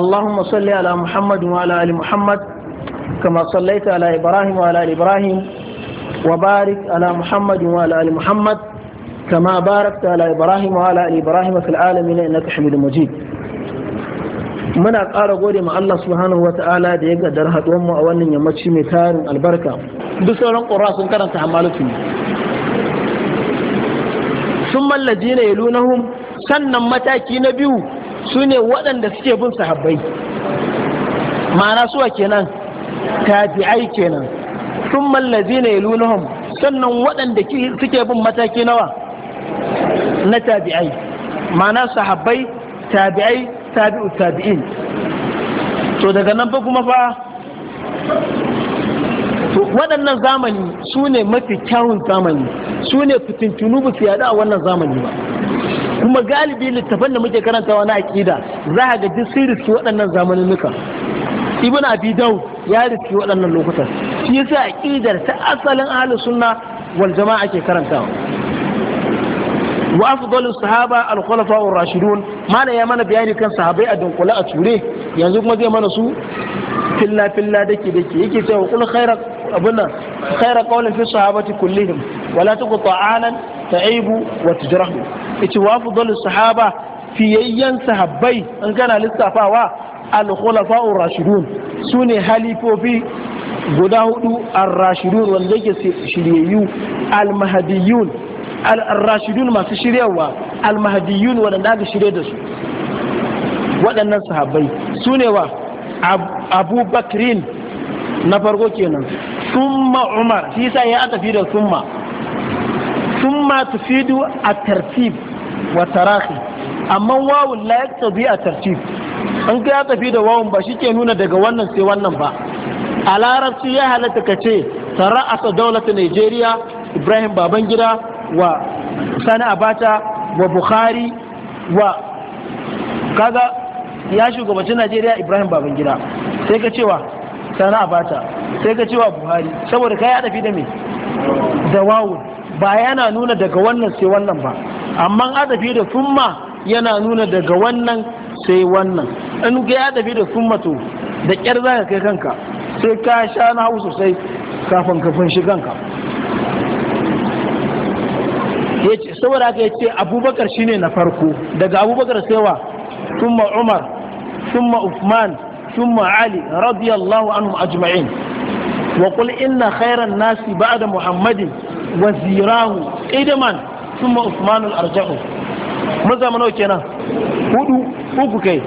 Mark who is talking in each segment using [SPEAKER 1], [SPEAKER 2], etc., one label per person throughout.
[SPEAKER 1] اللهم صل على محمد وعلى ال محمد كما صليت على ابراهيم وعلى ال ابراهيم وبارك على محمد وعلى ال محمد كما باركت على ابراهيم وعلى ال ابراهيم في العالمين انك حميد مجيد muna ƙara gode ma Allah subhanahu wa ta'ala da ya gadar haɗuwar mu a wannan yammaci mai tarin albarka duk sauran ƙura sun karanta hamalutu sun mallaji na yalunahum sannan mataki na biyu su ne waɗanda suke bin sahabbai ma'ana suwa kenan tabi'ai kenan sun mallazi na ilunahum sannan waɗanda suke bin mataki nawa na tabi'ai ma'ana sahabbai tabi'ai tabi'u tabi'in to daga nan ba kuma fa waɗannan zamani su ne mafi kyawun zamani su ne fitintunubu ba su yada a wannan zamani ba kuma galibi littafan da muke karantawa na aƙida za a ga duk sun riski waɗannan zamaninnuka ibn abi daud ya riski waɗannan lokutan shi yasa aqidar ta asalin ahli sunna wal jama'a ke karantawa wa afdalus sahaba al khulafa ar rashidun mana ya mana bayani kan sahabai a dunkula a ture yanzu kuma zai mana su filla filla dake dake yake cewa kul khaira abunna khaira qawlan fi sahabati kullihim wala tuqta'anan ta'ibu wa tujrahu yace wa afdalu sahaba fiyayyan sahabbai in kana lissafawa al-khulafa'ur rashidun sune halifofi guda hudu ar-rashidun wanda yake shiryayyu al-mahdiyun al-rashidun masu shiryawa al-mahdiyun wanda aka shirye da su waɗannan sahabbai sune wa Abu Bakrin na farko kenan summa Umar shi yasa ya aka fi da summa thumma tufidu at-tartib wa tarahi amma wawun la yaqtadi at-tartib an ga ya tafi da wawun ba shi ke nuna daga wannan sai wannan ba a larabci ya halatta ka ce sara'asa daulata Najeriya Ibrahim Babangida wa Sani Abata wa Bukhari wa kaga ya shugabanci Najeriya Ibrahim Babangida sai ka cewa Sani Abata sai ka cewa Buhari saboda ka ya tafi da me da wawun ba yana nuna daga wannan sai wannan ba amma adafi da summa yana nuna daga wannan sai wannan in ga adafi da summa to da kyar za ka kai kanka sai ka sha na hau sosai kafin kafin shi kanka saboda haka ya ce abubakar shine na farko daga abubakar saiwa summa umar summa uthman summa ali radiyallahu anhum ajma'in wa qul inna khairan nasi ba'da muhammadin wazirahu idaman sun usman al-arja'u mun zama kenan hudu uku kai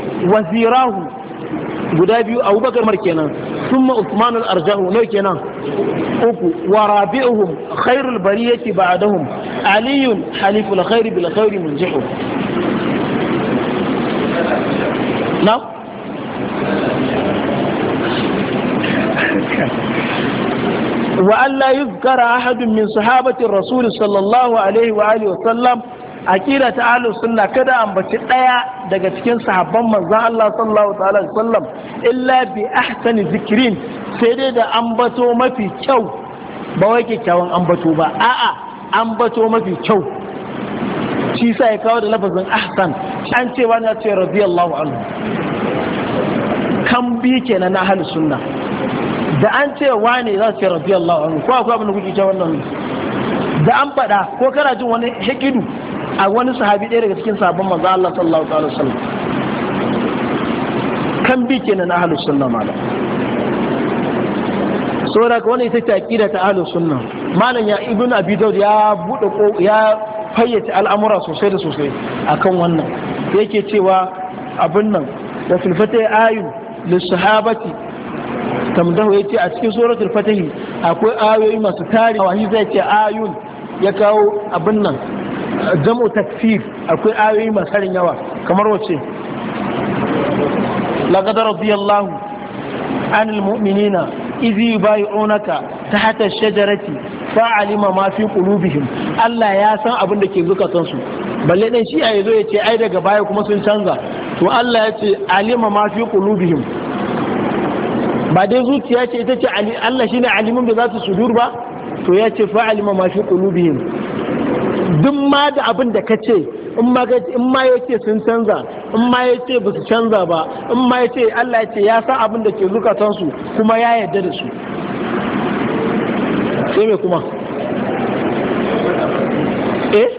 [SPEAKER 1] guda biyu abubakar mar kenan sun usman al-arja'u nawa kenan uku wa rabi'uhum khairul bariyati ba'dahum aliyun haliful وألا يذكر أحد من صحابة الرسول صلى الله عليه وآله وسلم أكيدة أهل السنة كذا أن بتتأيى دقتكين صحابا من الله صلى الله عليه وسلم إلا بأحسن ذكرين سيدة أنبتو ما في كو بوايك كوان أنبتو با آآ أنبتو ما في كو shi sa ya kawo da lafazin ahsan an ce wani ya ce radiyallahu anhu kan bi kenan na ahlus sunna da an ce wane za su ce rafi Allah anhu ko akwai abin da kuke ce wannan da an faɗa ko kana jin wani hikidu a wani sahabi ɗaya daga cikin sabon manzo Allah sallallahu alaihi wasallam kan bi kenan ahlus sunna malam saboda ka wani ita ce aqida ta ahlus sunna malam ya ibn abi daud ya buɗe ko ya fayyace al'amura sosai da sosai akan wannan yake cewa abin nan da filfata ayu lissahabati tamdahu ya ce a cikin suratul fatahi akwai ayoyi masu tari wahi zai ce ayun ya kawo abin nan jamu takfir akwai ayoyi masu tarin yawa kamar wace laqad radiyallahu anil mu'minina idh yubay'unaka tahta ash-shajarati fa'alima ma fi qulubihim Allah ya san abin da ke zukatansu balle dan shi ya zo ya ce ai daga baya kuma sun canza to Allah ya ce alima ma fi qulubihim ba dai zuciya ce ita ce Allah shine alimin da za su sudur ba to ya ce fa'alima ma fi qulubihim duk ma da abin da ka ce in ma ya ce sun canza in ma ya ce ba su canza ba in ma ya ce Allah ya ce ya san abin da ke zukatansu kuma ya yarda da su sai me kuma eh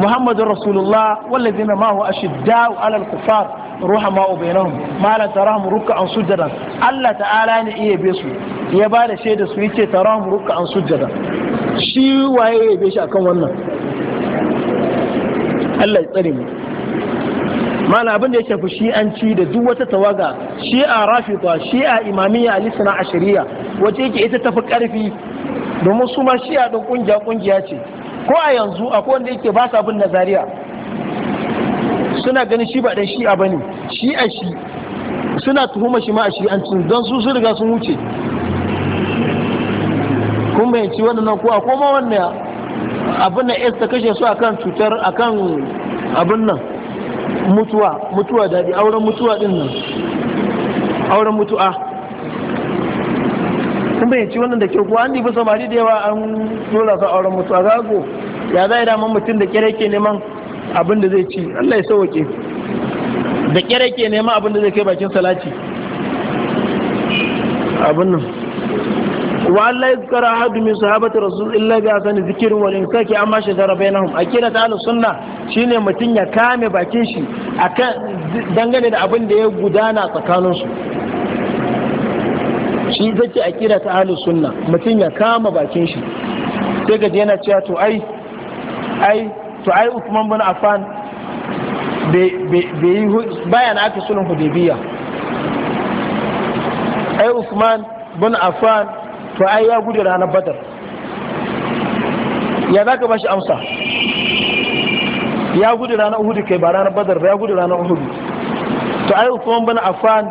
[SPEAKER 1] Muhammadu Rasulullah wallazina ma huwa ashidda'u alal kufar Ruha ruhama bainahum malan tarahum an sujada Allah ta'ala ne iya be su ya ba da shaida su yace tarahum an sujada shi waye ya be shi akan wannan Allah ya tsare mu mana abin da ya shafi shi'anci da duk wata tawaga shi'a rafida shi'a imamiyya alisna ashariya wace yake ita tafi karfi domin su ma shi'a din kungiya kungiya ce ko a yanzu akwai wanda yake ba sa bin nazariya suna ganin shi ba dan shi'a bane shi a shi suna tuhuma shi ma a shi'ancin don su sun riga sun wuce kun bayanci waɗannan kuwa ko ma wannan abin na ta kashe su akan cutar akan abin nan mutuwa mutuwa daɗi auren mutuwa din nan auren mutuwa kun bayanci wannan da ke kuwa an ɗibi samari da yawa an dora su auren mutuwa gago ya za a yi mutum da kere ke neman abin da zai ci Allah ya sauke da kyar yake nema abin da zai kai bakin salati abin nan wa Allah yadhkar ahad min sahabati rasul illa bi asani dhikrin wal insaki amma shajara bainahum akida ta sunna shine mutun ya kame bakin shi akan dangane da abin da ya gudana tsakanin su shi take akida ta ahlus sunna mutun ya kama bakin shi sai ga yana cewa to ai ai to ai Uthman bin Affan bai baya na aka sulhun Hudaybiyya ai Uthman bin Affan to ai ya gudu ranar Badar ya zaka bashi amsa ya gudu ranar Uhud kai ba ranar Badar ba ya gudu ranar Uhud to ai Uthman bin Affan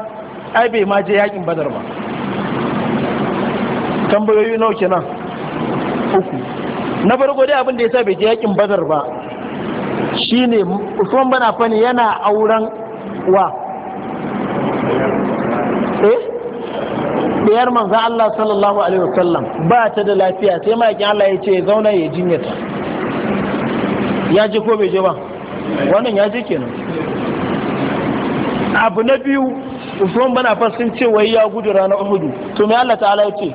[SPEAKER 1] ai bai ma je yakin Badar ba tambayoyi nawa kenan uku na farko dai abin da ya sa bai je yakin Badar ba Shi ne Usman bin Affan yana auren wa eh diyar manzon Allah sallallahu alaihi wasallam ba ta da lafiya sai makin Allah ya ce ya zauna ya jinyata ya ji ko bai je ba wannan ya je kenan abu na biyu Usman bin Affan sun ce wai ya gudu ranar Uhud to me Allah ta'ala ya ce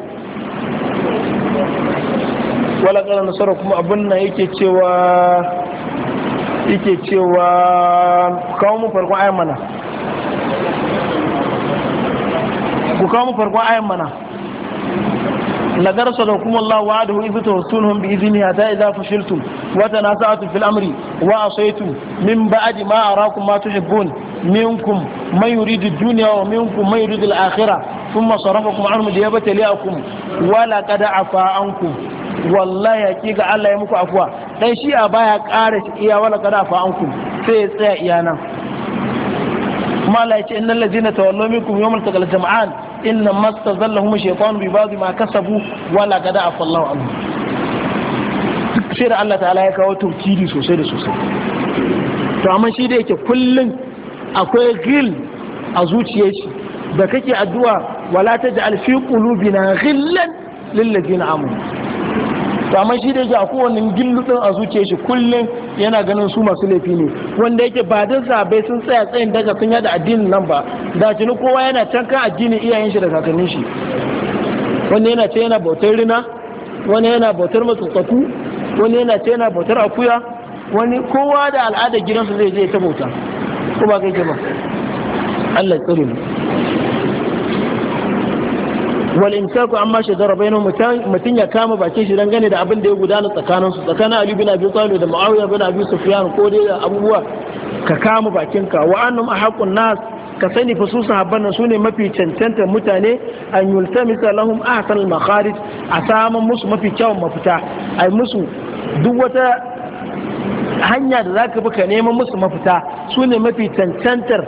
[SPEAKER 1] wala kana nasara kuma abin nan yake cewa yake cewa kawo mu farkon ayan mana ku kawo mu farkon ayan mana da sadakum Allah wa adahu idh tuhsunhum bi idhni hatta idha wata na sa'atu fil amri wa a saitu min ba'di ma arakum ma tuhibbun minkum man yuridu duniya wa minkum man yuridu al-akhirah thumma sarafakum anhum liyabtaliakum wa laqad afa ankum wallahi hakika Allah ya muku afwa dan shi'a baya ƙara iya wala kada fa ankum sai ya tsaya iya nan kuma la yace innal ladina tawallu minkum yawmal taqal jam'an inna mastazallahum shaytanu bi ba'd ma kasabu wala kada afa Allahu anhum duk sai da Allah ta'ala ya kawo tawkidi sosai da sosai to amma shi da yake kullun akwai gil a zuciyar shi da kake addu'a wala taj'al fi qulubina ghillan lil ladina amanu to amma shi da yake a kowane gilludin a zuce shi kullum yana ganin su masu laifi ne wanda yake ba da zabe sun tsaya tsayin daga sun yada addinin nan ba da tuni kowa yana can kan addinin iyayen shi da kakannin shi wanda yana ce yana bautar rina wani yana bautar matsatsaku wani yana ce yana bautar akuya wani kowa da al'adar gidansu zai je ta bauta ko ba kai ke ba Allah ya tsare mu wal imsaku amma shajara bainahum mutun ya kama bakin shi dangane da abin da ya gudana su tsakanin Ali bin Abi Talib da Muawiya bin Abi Sufyan ko dai da abubuwa ka kama bakinka wa annum ahaqun nas ka sani fa su sahabban nan sune mafi cancantar mutane an yultamisa lahum ahsan al makharij a saman musu mafi kyawun mafita ai musu duk wata hanya da zaka bi ka neman musu mafita sune mafi cancantar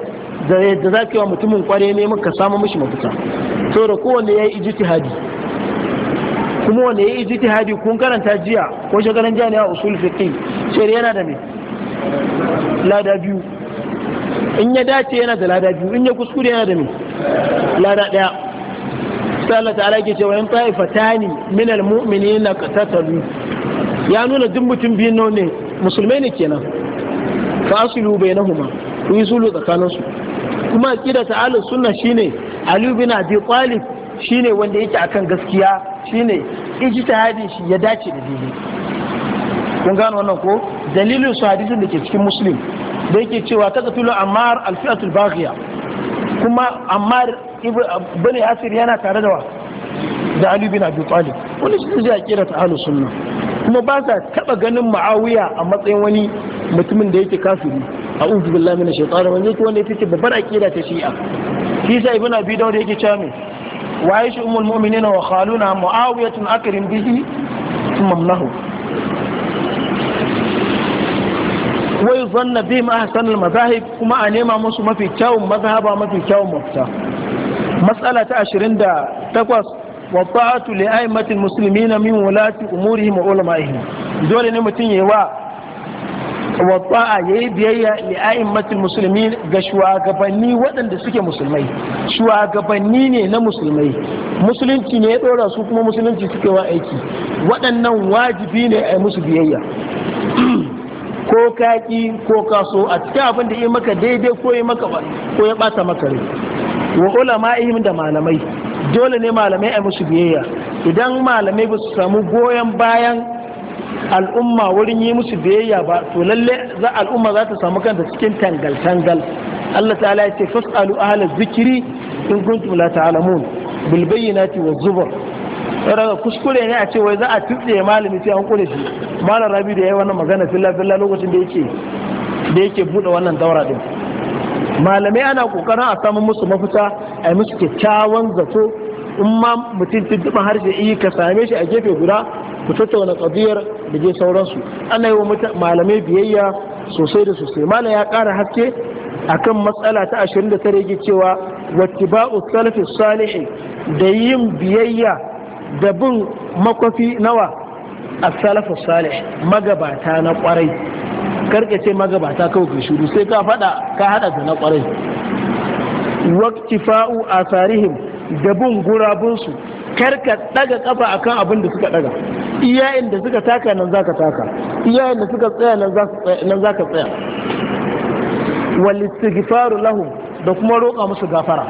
[SPEAKER 1] da yadda za ka yi wa mutumin kware ne muka samu mishi mafita da kowanne ya yi ijtihadi kuma wanda ya yi ijtihadi kun karanta jiya ko shagaran jiya ne a usul fiqi sai yana da me lada biyu in ya dace yana da lada biyu in ya kuskure yana da me lada daya sai Allah ta'ala ke wa in taifatani min almu'minina qatatalu ya nuna duk mutum biyu ne musulmai ne kenan fa asulu bainahuma ku yi sulu tsakaninsu kuma aqida ta shi sunna shine ali bin abi talib shine wanda yake akan gaskiya shine ijtihadin shi ya dace da daidai kun gano wannan ko dalilin su hadisin da ke cikin muslim da yake cewa ta qatulu ammar al baghiya kuma ammar bani asir yana tare da wa da ali bin abi talib wani shi zai kira ta ahlus sunna kuma ba sa taba ganin muawiya a matsayin wani mutumin da yake kafiri a'udhu billahi minash shaitani rajim to wanda yake babbar aqida ta shi'a shi sai ibn abi dawud yake cewa me wa aisha ummul mu'minina wa khaluna muawiyatun akrim bihi mamnahu wa yuzanna bihim ahsan al madahib kuma a nema musu mafi kyawun mazhaba mafi kyawun mafita Matsala ta 28 wa ta'atu li a'immatil muslimina min wulati umurihim wa ulama'ihim dole ne mutun yayi wa ya yayi biyayya li a'immatil muslimin ga shugabanni waɗanda suke musulmai shugabanni ne na musulmai musulunci ne ya dora su kuma musulunci suke wa aiki waɗannan wajibi ne a musu biyayya ko kaki ko kaso a cikin abin da yi maka daidai ko yi maka ko ya bata maka rai wa ulama'ihim da malamai dole ne malamai a musu biyayya idan malamai ba su samu goyon bayan al'umma wurin yi musu biyayya ba to lalle za al'umma za ta samu kanta cikin tangal tangal Allah ta'ala ya ce fas'alu ahla zikiri in kuntum la ta'lamun bil bayyinati wa zubur daga kuskure ne a ce wai za a tutse malami sai an kure shi malam rabi da yayi wannan magana filla filla lokacin da yake da yake bude wannan daura din malamai ana kokarin a samu musu mafita a yi musu kyakkyawan zato in ma mutum tuntuɓin harshe iya ka same shi a gefe guda ku tattauna kabiyar da je sauransu ana yi wa malamai biyayya sosai da sosai malam ya kara haske akan matsala ta ashirin 29 yake cewa wattiba'u salafi salihi da yin biyayya da bin makwafi nawa A salafu salih magabata na kwarai karka ce magabata kawai ka shiru sai ka fada ka hada da na kwarai a asarihim da bin gurabunsu karka daga kafa akan abin da suka daga iyayen da suka taka nan zaka taka iyayen da suka tsaya nan zaka tsaya wal istighfaru lahum da kuma roƙa musu gafara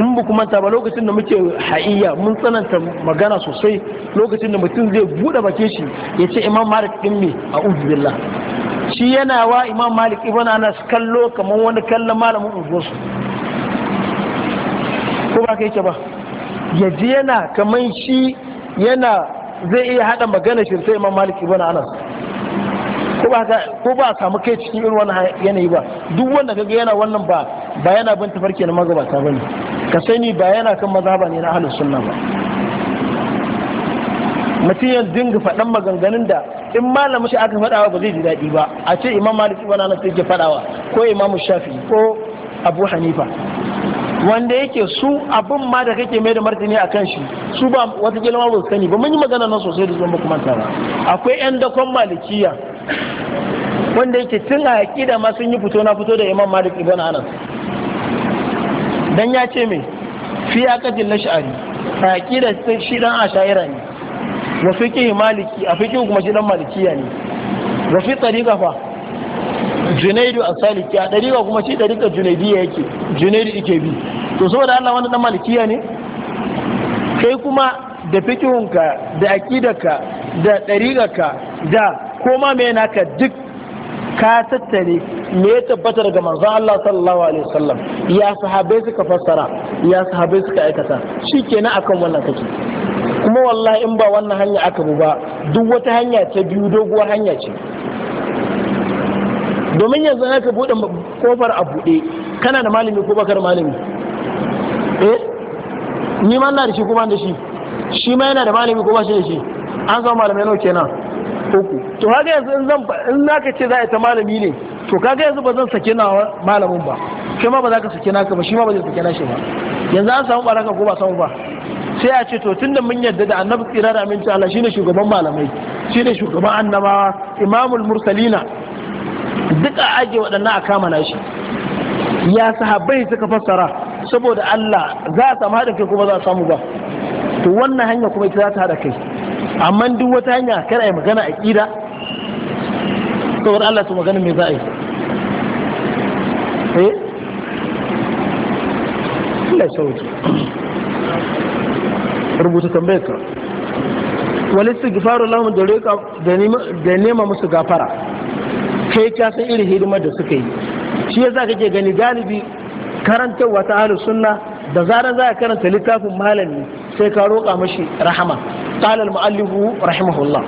[SPEAKER 1] in ba kuma ta ba lokacin da muke ha'iyya mun tsananta magana sosai lokacin da mutum zai bude bakin shi ya ce imam malik din me a billah shi yana wa imam malik ibn anas kallo kamar wani kallon malamin unguwarsu ko ba ka yake ba ya ji yana kamar shi yana zai iya haɗa magana shi sai imam maliki ibn anas ko ba a samu kai cikin irin wannan yanayi ba duk wanda kaga yana wannan ba ba yana bin tafarki na magabata bane ka sani ba yana kan mazhaba ne na ahlus sunna ba mutum ya dinga faɗan maganganun da in malamin shi aka faɗawa ba zai ji daɗi ba a ce imam malik ibn anas yake faɗawa ko imam shafi ko abu hanifa wanda yake su abin ma da kake mai da martani a kan shi su ba wata ma ba su sani ba mun yi magana nan sosai da zuwa makamanta ba akwai yan dakon malikiya wanda yake tun a aƙida ma sun yi fito na fito da imam malik ibn anas dan ya ce me fi aqatil lash'ari fa aqida shi dan asha'ira ne wa fiqh maliki a fiqh kuma shi dan malikiya ne wa fi tariqa fa junaidu a saliki a ɗariƙa kuma shi junaidu junaidiya yake junaidu ike bi to saboda Allah wani ɗan malikiya ne kai kuma da fikihunka da akidaka da ka da koma mai naka duk ka tattare me ya tabbatar daga manzon Allah sallallahu alaihi wasallam ya sahabai suka fassara ya sahabai suka aikata shikenan akan wannan kake kuma wallahi in ba wannan hanya aka bu ba duk wata hanya ta biyu doguwar hanya ce domin yanzu ka buɗe kofar a buɗe kana da malami ko bakar malami eh ni ma na da shi kuma da shi shi ma yana da malami ko ba shi da shi an zama malamai na? kenan uku to haka yanzu in zan in zaka ce za a ta malami ne to kaga yanzu ba zan sake na malamin ba kai ma ba za ka sake naka ba shi ma ba zai sake na shi ba yanzu an samu baraka ko ba samu ba sai a ce to tunda mun yarda da annabi tsira da aminci Allah shine shugaban malamai shine shugaban annabawa imamul mursalina duk a ajiye waɗannan a kama nashi ya sahabbai suka fassara saboda Allah za a samu haɗin kai kuma za a samu ba to wannan hanya kuma ita za ta haɗa kai amma duk wata hanya kada yi magana a ƙida saboda Allah su magana me za a yi eh Allah ya sauke rubuta tambayar ka wal istighfaru lahum da neman musu gafara kai ka san irin hidimar da suka yi shi yasa kake gani galibi karantarwa ta ahlus sunna da zarar za ka karanta littafin malami sai ka roƙa mashi rahama qala muallifu rahimahullah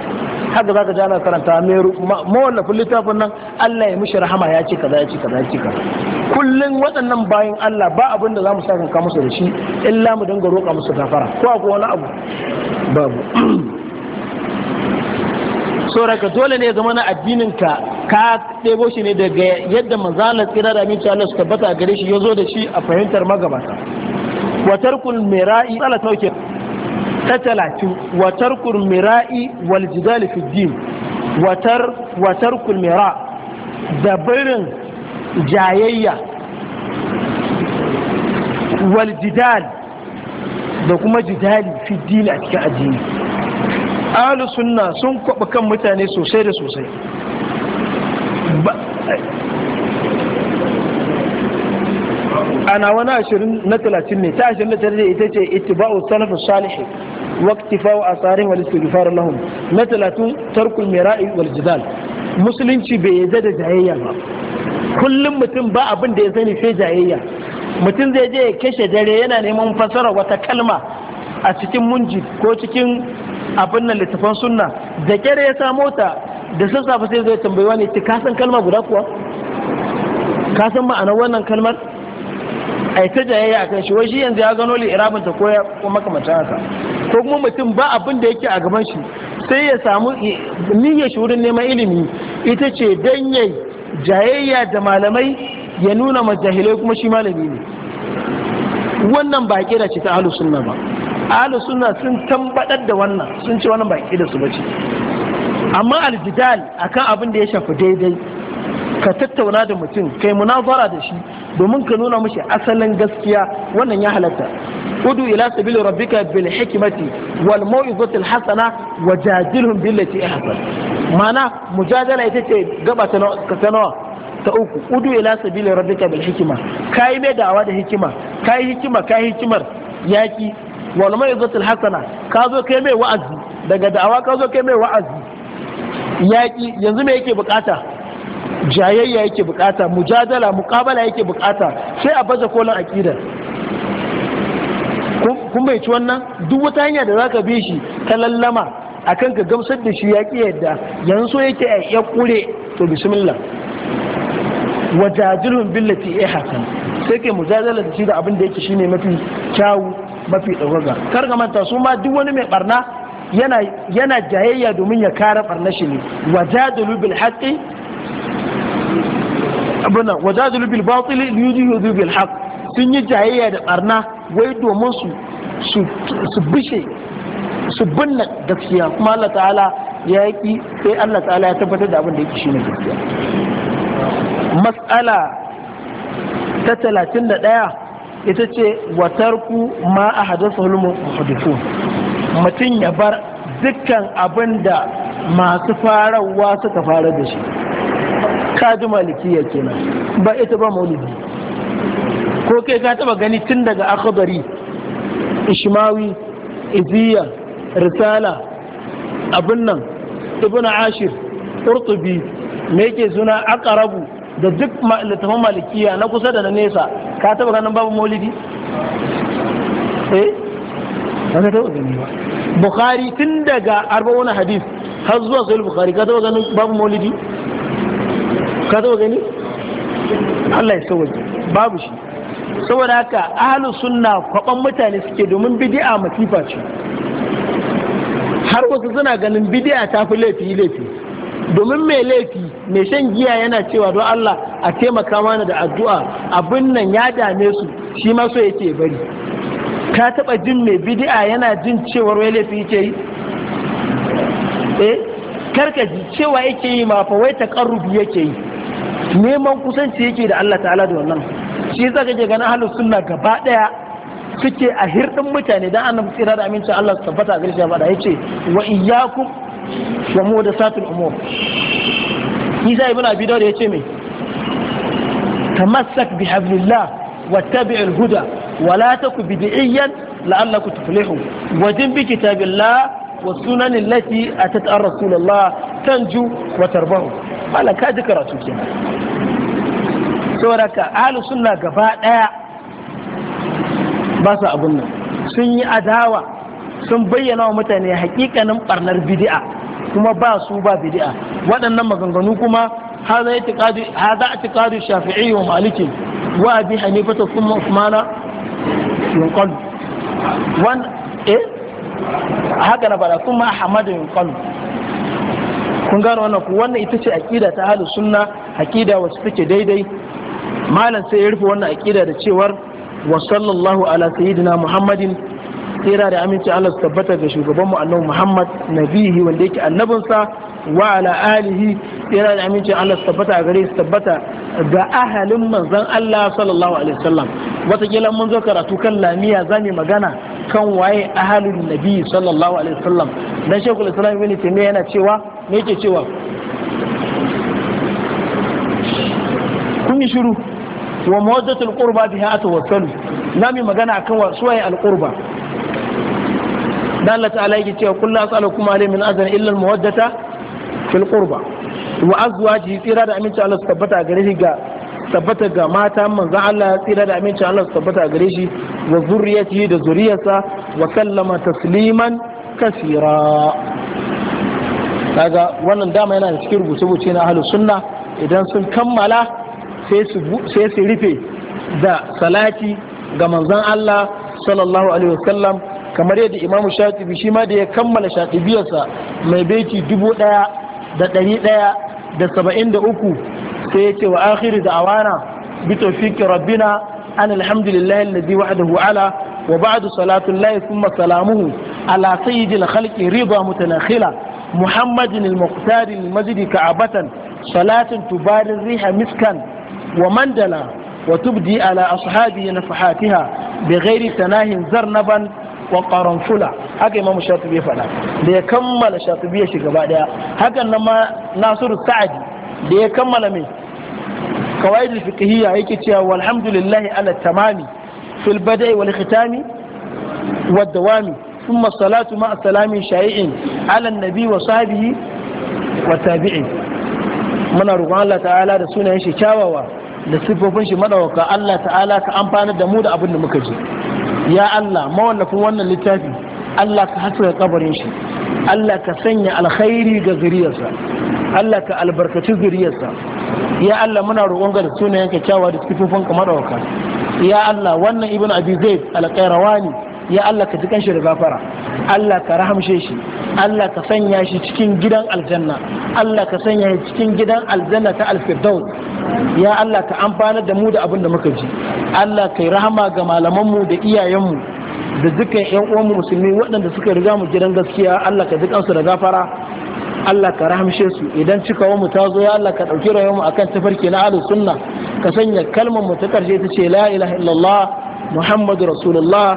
[SPEAKER 1] haka ka ji ana karanta Meru mawallafin littafin nan Allah ya mishi rahama ya ce kaza ya ce kaza ya ce kaza kullun waɗannan bayan Allah ba abin da zamu sa kanka musu da shi illa mu dinga roƙa musu gafara ko akwai wani abu babu raka dole ne ya zama na addinin ka ka ɗebo shi ne daga yadda manzalar tsira da aminci Allah su tabbata gare shi ya zo da shi a fahimtar magabata watar kun mira'i tsala tauke ta talatin watar kun mira'i wal jidal fi din watar watar da birin jayayya wal jidal da kuma jidali fi din a cikin addini ahlus sunna sun kwaba kan mutane sosai da sosai ana wani ashirin na talatin ne ta ashirin na talatin ita ce ittiba'u salafus salihi واقتفاء آثارهم na talatin مثلا ترك المراء والجدال musulunci bai yadda da jayayya ba kullum mutum ba abin da ya sani sai jayayya mutum zai je ya kashe dare yana neman fasara wata kalma a cikin munji ko cikin abin nan littafan sunna da kyar ya samo ta da sassafe sai zai tambayi wani ka san kalma guda kuwa Ka san ma'anar wannan kalmar ai ta jayayya akan shi wai shi yanzu ya gano li irabin ta koya ko makamacin haka ko kuma mutum ba abin da yake a gaban shi sai ya samu niyyar shi wurin neman ilimi ita ce dan yayi jayayya da malamai ya nuna majahilai kuma shi malami ne wannan ba kira ce ta ahlus sunna ba ahlus sun tambadar da wannan sun ce wannan ba da su bace amma aljidal akan abin da ya shafi daidai ka tattauna da mutum kai munazara da shi domin ka nuna mishi asalin gaskiya wannan ya halatta udu ila sabili rabbika bil hikmati wal mau'izati al hasana wajadilhum billati ahsan mana mujadala ita ce gaba ta nawa ta uku udu ila sabili rabbika bil hikma kai mai da'awa da hikima kai hikima kai hikimar yaki wal mau'izati al hasana ka zo kai mai wa'azi daga da'awa ka zo kai mai wa'azi yaƙi yanzu me yake bukata jayayya yake bukata mujadala muƙabala yake bukata sai a baje kolin aƙida kun bai ci wannan duk wata hanya da za ka bi shi ta lallama akan ka gamsar da shi yaƙi yadda yanzu so yake a iya ƙure to bismillah wajajilhum billati ihatan sai kai mujadala da shi da abin da yake shine mafi kyawu mafi ɗauraga kar ga manta su ma duk wani mai barna yana jayayya domin ya kare shi ne wajadalu bil haqqi abuna wajadalu bil batil yudhihu bil sun yi jayayya da barna wai domin su bishe su binne gaskiya kuma Allah ta'ala ya yaki sai Allah ta'ala ya tabbatar da abin da yake shine gaskiya mas'ala ta 31 ita ce watarku ma a hadasa hulmu muhdithun mutum ya bar dukkan abin da masu farawa suka fara da shi kaji malikiya kenan ba ita ba maulidi ko kai ka taba gani tun daga akhbari ishmawi iziya risala abin nan ibn ashir qurtubi me yake suna akarabu da duk littafin malikiya na kusa da na nesa ka taba ganin babu maulidi eh bukhari tun daga arba'un hadis har zuwa sai bukhari ka taba ganin babu maulidi ka taba gani Allah ya sauwa babu shi saboda haka ahlus sunna kwaban mutane suke domin bid'a masifa ce har wasu suna ganin bid'a ta fi laifi laifi domin mai laifi mai shan giya yana cewa don Allah a taimaka mana da addu'a abin nan ya dame su shi ma so yake bari ka taba jin mai bidi'a yana jin cewar wai laifi yake yi eh karka ji cewa yake yi ma fa wai taqarrubi yake yi neman kusanci yake da Allah ta'ala da wannan shi zaka je ganin ahlus sunna gaba daya suke a hirdin mutane dan annabi tsira da aminci Allah su tabbata gari shi bada yace wa iyyakum wa muhdathatul umur Isa ibn Abi Dawud yace me tamassak bihablillah wattabi'il huda ولا تكن بدعيا لعلكم تفلحوا وجن بكتاب الله والسنن التي اتت رسول الله تنجو وتربه قال كذلك رسول الله سورك اهل السنه غفا ديا بس ابونا sun yi adawa sun bayyana wa mutane hakikanin barnar bid'a kuma ba su ba bid'a waɗannan maganganu kuma haza itiqadu haza itiqadu shafi'i wa maliki wa abi hanifa kuma usmana yunqalu wan e haka na fara kuma hamadu yunqalu kun gano wannan ku wannan ita ce aƙida ta ahlus sunna aƙida wasu take daidai malam sai ya rufe wannan aƙida da cewar wa sallallahu ala sayyidina muhammadin tsira da aminci Allah su tabbata ga shugaban mu annabi Muhammad nabihi wanda yake annabinsa wa ala alihi tsira da aminci Allah su tabbata gare su tabbata ga ahalin manzon Allah sallallahu alaihi wasallam watakila mun zo karatu kan lamiya za mu magana kan waye ahalin nabi sallallahu alaihi wasallam dan shekul islam ibn taymiya yana cewa me yake cewa kun yi shiru wa mawaddatul qurba biha atawassalu za mu magana akan wasu al alqurba dan Allah ta'ala yake cewa kullu as'alukum alayhi min ajrin illa al-mawaddata fil qurba wa azwaji tsira da amincin Allah su tabbata gare shi ga tabbata ga mata manzon Allah tsira da amincin Allah su tabbata gare shi wa zurriyati da zuriyarsa wa kallama tasliman kasira kaga wannan dama yana da cikin rubuce-rubuce na ahlus sunna idan sun kammala sai su rufe da salati ga manzon Allah sallallahu alaihi wasallam kamar yadda imamu shatibi shi ma da ya kammala shatibiyarsa mai beti dubu daya da ɗari ɗaya da saba'in da uku sai ya wa akhiri da awana bi tawfiqi rabbina an alhamdulillahi alladhi wahdahu ala wa ba'du salatu llahi thumma salamuhu ala sayyidil khalqi rida mutanakhila muhammadin al-muqtar al-majdi ka'abatan salatan tubari riha miskan wa mandala wa tubdi ala ashabi nafahatiha tanahin zarnaban wa qaranfula. haka imamu shatibi ya faɗa da ya kammala shatibi ya shiga daya hakan nan ma nasiru sa'adi da ya kammala mai kawai da fiqhiyya yake cewa walhamdulillahi ala tamami fil bada'i wal khitami wad dawami ثم الصلاة مع سلام شيء على النبي wa وتابعين من رغم Allah Ta'ala da sunayen shi kyawawa da siffofin shi madawaka Allah ta'ala ka amfana da mu da abin da muka ji ya Allah mawallafin wannan littafi Allah ka haska kabarin shi Allah ka sanya alkhairi ga zuriyarsa Allah ka albarkaci zuriyarsa ya Allah muna roƙon ga sunayen kyakkyawa da sifofin kamar dauka ya Allah wannan ibn abi zaid alqairawani ya Allah ka jikan shi da gafara Allah ka rahamshe shi Allah ka sanya shi cikin gidan aljanna Allah ka sanya shi cikin gidan aljanna ta alfirdaus ya Allah ka amfana da mu da abin da muka ji Allah ka yi rahama ga malamanmu da iyayenmu da dukkan yan uwan musulmi waɗanda suka riga mu gidan gaskiya Allah ka dukansu da gafara Allah ka rahamshe su idan cika mu ta zo ya Allah ka ɗauki rayuwar mu akan tafarki na ahlus sunna ka sanya kalmar mu ta karshe ta ce la ilaha illallah muhammadu rasulullah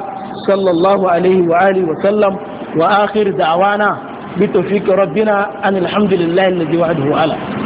[SPEAKER 1] sallallahu alaihi wa alihi wa sallam wa akhir da'wana bi tawfiq rabbina an alhamdulillahi alladhi wa'adahu ala